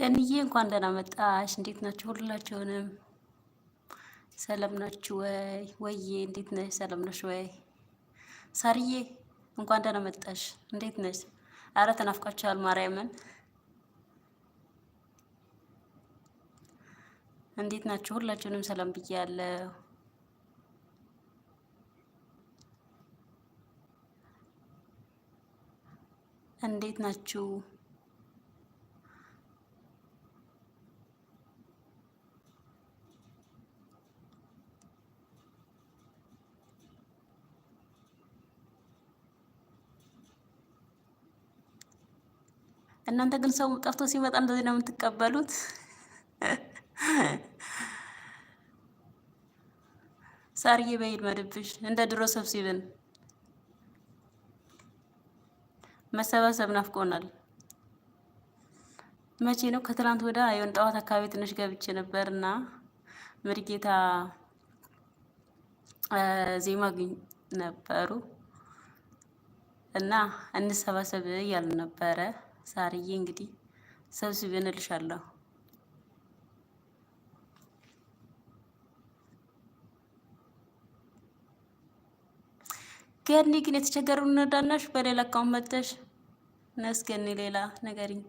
ገንዬ እንኳን ደህና መጣሽ። እንዴት ናችሁ? ሁላችሁንም ሰላም ናችሁ ወይ? ወይዬ እንዴት ነሽ? ሰላም ነሽ ወይ? ሳርዬ እንኳን ደህና መጣሽ። እንዴት ነሽ? አረ ተናፍቃችኋል። ማርያምን እንዴት ናችሁ? ሁላችሁንም ሰላም ብያለሁ። እንዴት ናችሁ? እናንተ ግን ሰው ጠፍቶ ሲመጣ እንደዚህ ነው የምትቀበሉት። ሳርዬ በይድ መድብሽ እንደ ድሮ ሰብሲብን መሰባሰብ ናፍቆናል። መቼ ነው? ከትላንት ወዳ የሆነ ጠዋት አካባቢ ትንሽ ገብቼ ነበር እና ምድጌታ ዜማ ግኝ ነበሩ እና እንሰባሰብ እያልን ነበረ ሳርዬ እንግዲህ ሰብስቤንልሻለሁ። ገኒ ግን የተቸገሩ እንዳናሽ በሌላ አካውንት መጥተሽ ነስ ገኒ ሌላ ነገርኝ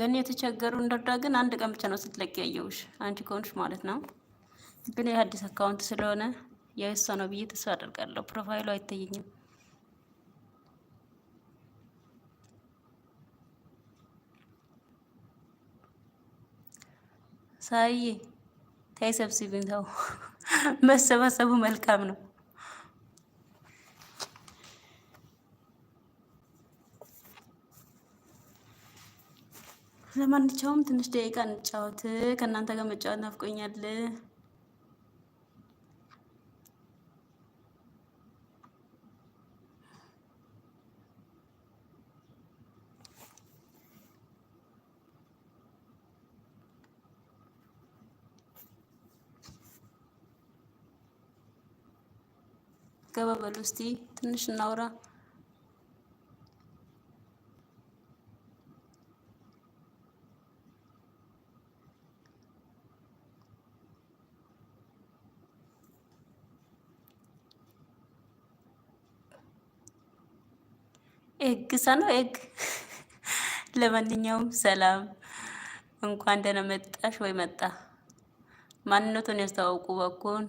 ግን የተቸገሩ እንደርዳ ግን አንድ ቀን ብቻ ነው ስትለቅ ያየውሽ አንቺ ከሆንሽ ማለት ነው። ግን የአዲስ አካውንት ስለሆነ የእሷ ነው ብዬ ተስፋ አደርጋለሁ። ፕሮፋይሉ አይታየኝም። ሳይ ተይ ሰብስቢን። ተው መሰባሰቡ መልካም ነው። ለማንኛውም ትንሽ ደቂቃ እንጫወት። ከእናንተ ጋር መጫወት ናፍቆኛል። ገባ እስቲ ትንሽ እናውራ። ኤግ ሰኖ ኤግ። ለማንኛውም ሰላም፣ እንኳን ደህና መጣሽ ወይ መጣ። ማንነቱን ያስተዋውቁ በኩል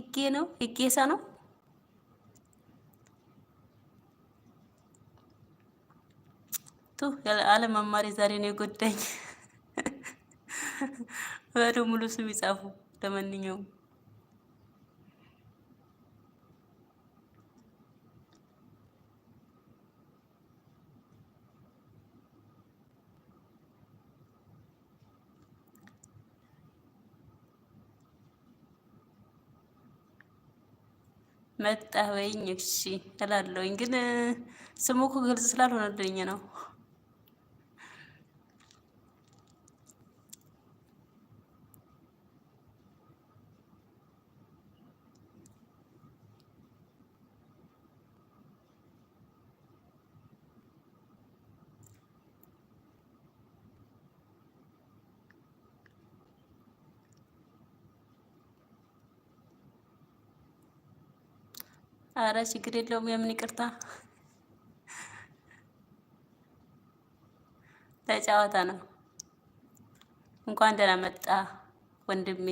እጌ ነው እጌሳ ነው። ቱ አለመማሪ ዛሬ ነው የጎዳኝ። በደምብ ሙሉ ስም ይጻፉ ለማንኛውም መጣ ወይኝ እሺ እላለሁኝ። ግን ስሙ እኮ ግልጽ ስላልሆነልኝ ነው። አረ ችግር የለውም። የምን ይቅርታ ተጫወታ ነው። እንኳን ደህና መጣ ወንድሜ።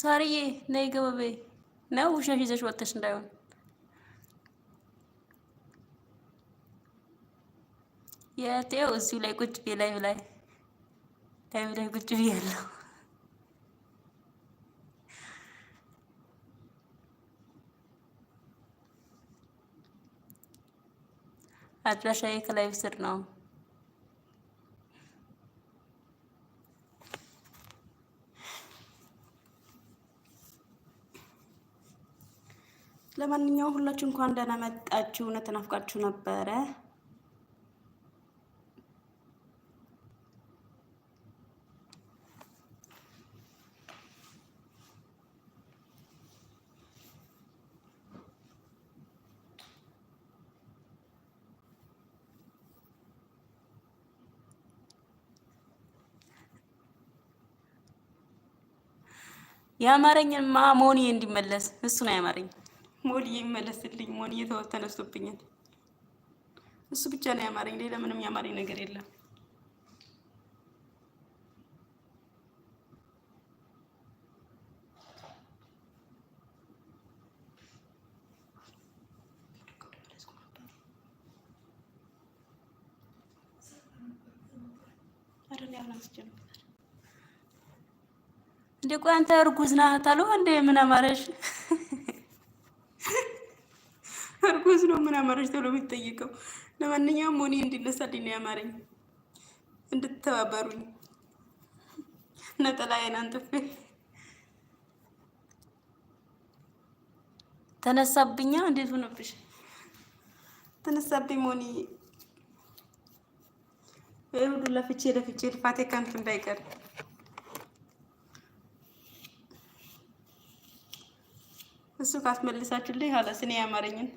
ሳርዬ ነይ ገበቤ ነው ውሻሽ ይዘሽ ወጥተሽ እንዳይሆን የቴው እሱ ላይ ቁጭ ብዬ ላይ ላይ ላይ ላይ ቁጭ ብዬ ያለው አድራሻዬ ከላይ ስር ነው። ለማንኛውም ሁላችሁ እንኳን ደህና መጣችሁ። እውነት ናፍቃችሁ ነበረ። የአማረኝን ማ ሞኒ እንዲመለስ እሱ ነው ያማረኝ። ሞኒ ይመለስልኝ። ሞኒ ተነስቶብኛል። እሱ ብቻ ነው ያማረኝ። ሌላ ምንም ያማረኝ ነገር የለም። አረ ያላስጀምር ደቆ አንተ እርጉዝ ናት አሉ እንደ ምን አማረሽ? እርጉዝ ነው ምን አማረሽ ተብሎ የሚጠይቀው። ለማንኛውም ሞኒ እንዲነሳልኝ ነው ያማረኝ። እንድትተባበሩኝ ነጠላዬን አንጥፌ ተነሳብኛ። እንዴት ሆነብሽ? ተነሳብኝ ሞኒ ሁሉ ለፍቼ ለፍቼ ልፋቴ ከንቱ እንዳይቀር እሱ ካስመልሳችሁልኝ ኋላ ስኔ ያማረኝን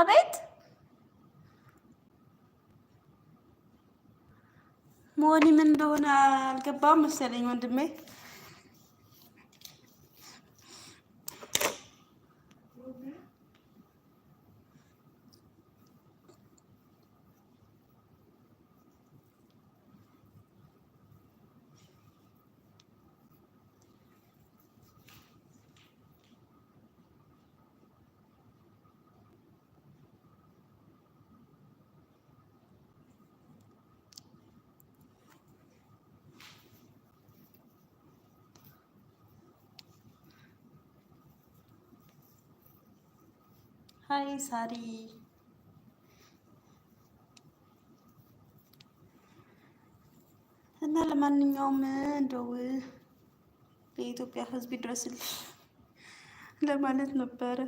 አቤት መሆኔ ምን እንደሆነ አልገባም መሰለኝ ወንድሜ ሀይ ሳሪ እና ለማንኛውም እንደው የኢትዮጵያ ሕዝብ ይድረስልኝ ለማለት ነበረ።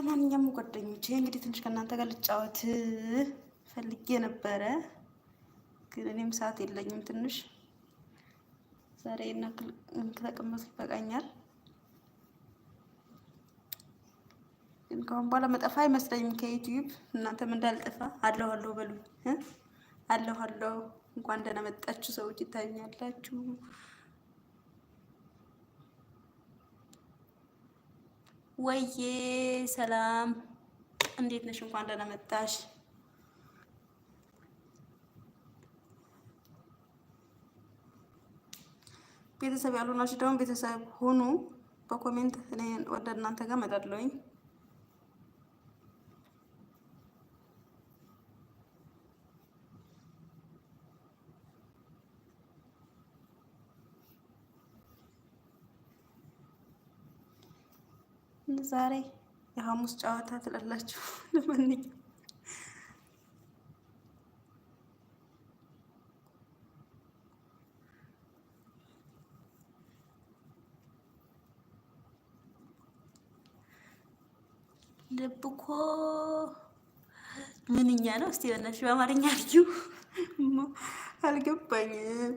ለማንኛውም ጓደኞቼ እንግዲህ ትንሽ ከእናንተ ጋር ልጫወት ፈልጌ ነበረ፣ ግን እኔም ሰዓት የለኝም። ትንሽ ዛሬ እና ከተቀመጥ ይበቃኛል። ግን ከአሁን በኋላ መጠፋ አይመስለኝም ከዩቲዩብ። እናንተም እንዳልጠፋ አለሁ አለሁ በሉ። አለሁ አለሁ። እንኳን ደህና መጣችሁ ሰዎች ይታኛላችሁ። ወዬ ሰላም፣ እንዴት ነሽ? እንኳን ደህና መጣሽ። ቤተሰብ ያልሆናችሁ ደግሞ ቤተሰብ ሁኑ። በኮሜንት እኔ ወደ እናንተ ጋር እመጣለሁኝ። ዛሬ የሐሙስ ጨዋታ ትላላችሁ። ለማንኛውም ልብ እኮ ምንኛ ነው? እስቲ በእናትሽ በአማርኛ አድርጊው፣ አልገባኝም።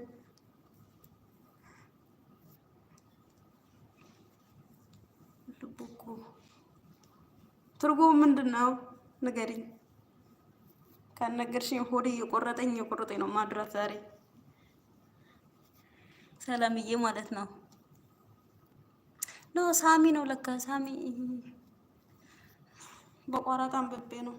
ትርጉሙ ምንድን ነው ንገሪኝ። ካልነገርሽኝ ሆዴ እየቆረጠኝ እየቆረጠኝ ነው ማድራት ዛሬ ሰላምዬ ማለት ነው። ኖ ሳሚ ነው ለካ ሳሚ በቋራጣ አንብቤ ነው።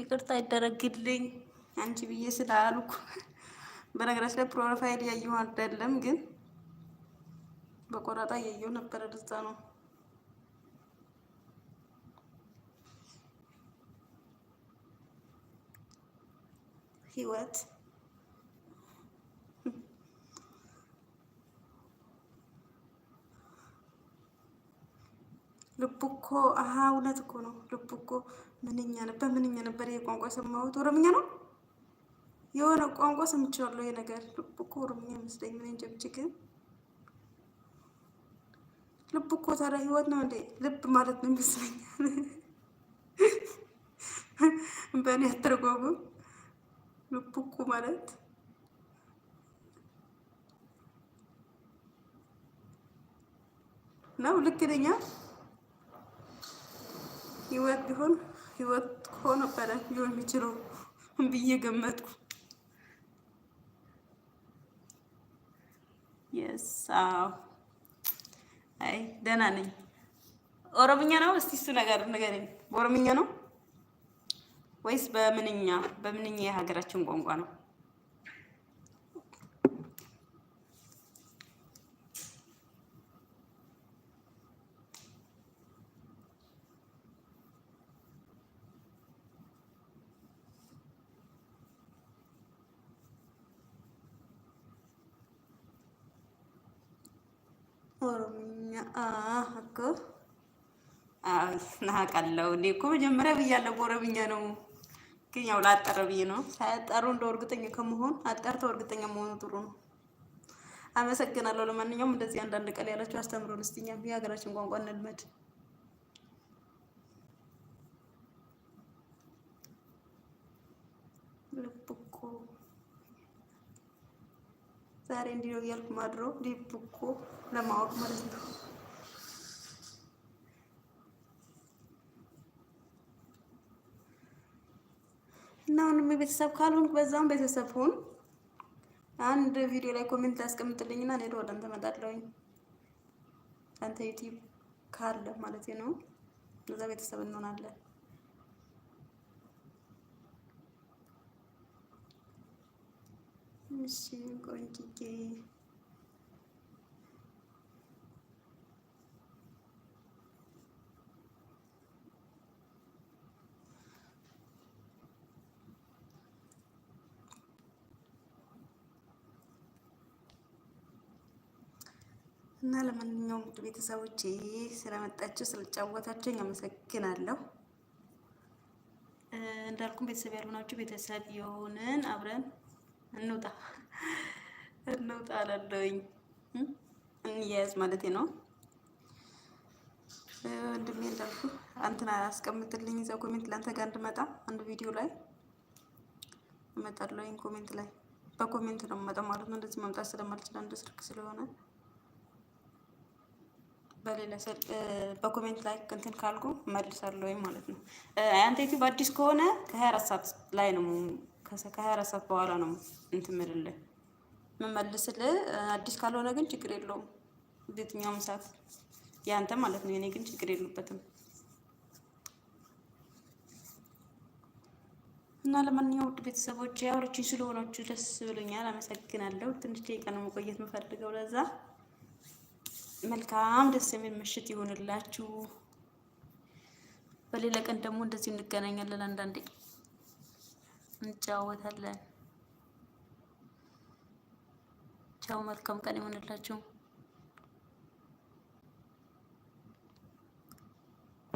ይቅርታ ይደረግልኝ አንቺ ብዬ ስላልኩ በነገራችን ላይ ፕሮፋይል ያየሁ አይደለም፣ ግን በቆራጣ ያየሁ ነበረ። ደስታ ነው ህይወት ልቡ እኮ አሀ እውነት እኮ ነው። ልቡ እኮ ምንኛ ነበር ምንኛ ነበር። የቋንቋ ቋንቋ የሰማሁት ኦሮምኛ ነው። የሆነ ቋንቋ ሰምቻለሁ። ይሄ ነገር ልብ እኮ ኦሮምኛ ይመስለኝ ምን እንጃ። ብቻ ግን ልብ እኮ ታዲያ ህይወት ነው እንዴ? ልብ ማለት ነው ይመስለኛል በእኔ አተረጓጉም። ልብ እኮ ማለት ነው። ልክ ነኝ። ህይወት ቢሆን ህይወት ከሆነ ነበረ ሊሆን የሚችለው ብዬ ገመትኩ። አዎ፣ አይ ደህና ነኝ። ኦሮምኛ ነው? እስቲ እሱ ነገር ንገረኝ። በኦሮምኛ ነው ወይስ በምንኛ? በምንኛ የሀገራችን ቋንቋ ነው? እኮ ናቃለው እኔ እኮ መጀመሪያ ብያለሁ። ጎረብኛ ነው ግን ያው ላጠረ ብዬ ነው። ሳያጠሩ እንደው እርግጠኛ ከመሆን አጠርተው እርግጠኛ መሆኑ ጥሩ ነው። አመሰግናለሁ። ለማንኛውም እንደዚህ አንዳንድ ቀል ያላችሁ አስተምሮን እስቲኛ የሀገራችን ቋንቋ እንልመድ። ዛሬ እንዲህ ነው እያልኩ ማድሮ ልብ ለማወቅ ማለት ነው። እና አሁንም ቤተሰብ ካልሆንክ በዛውም ቤተሰብ ሆን አንድ ቪዲዮ ላይ ኮሜንት ያስቀምጥልኝና እኔ ወደ አንተ እመጣለሁኝ። አንተ ዩቲዩብ ካለ ማለት ነው። እዛ ቤተሰብ እንሆናለን። እሺ ቆንጆዬ እና ለማንኛውም ውድ ቤተሰቦቼ ስለመጣችሁ ስለጫወታችሁኝ አመሰግናለሁ። እንዳልኩም ቤተሰብ ያልሆናችሁ ቤተሰብ የሆንን አብረን እንውጣ እንውጣ አላለሁኝ እንያያዝ ማለት ነው። ወንድሜ እንዳልኩ አንተን አስቀምጥልኝ እዛ ኮሜንት ለአንተ ጋር እንድመጣ አንድ ቪዲዮ ላይ እመጣለሁ። ኮሜንት ላይ በኮሜንት ነው የምመጣው ማለት ነው። እንደዚህ መምጣት ስለማልችል አንድ ስልክ ስለሆነ በሌላ በኮሜንት ላይ እንትን ካልኩ መልሳለሁ ማለት ነው። አንተ ዩቲዩብ አዲስ ከሆነ ከ24 ሰዓት ላይ ነው ከ24 ሰዓት በኋላ ነው እንትን ምልልህ የምመልስልህ። አዲስ ካልሆነ ግን ችግር የለውም በየትኛውም ሰዓት ያንተ ማለት ነው። የኔ ግን ችግር የለበትም። እና ለማንኛውም ውድ ቤተሰቦች ያወራችሁኝ ስለሆናችሁ ደስ ብሎኛል። አመሰግናለሁ። ትንሽ ደቂቃ ነው መቆየት የምፈልገው ለዛ መልካም ደስ የሚል ምሽት ይሆንላችሁ። በሌላ ቀን ደግሞ እንደዚህ እንገናኛለን። አንዳንዴ እንጫወታለን። ቻው፣ መልካም ቀን ይሆንላችሁ።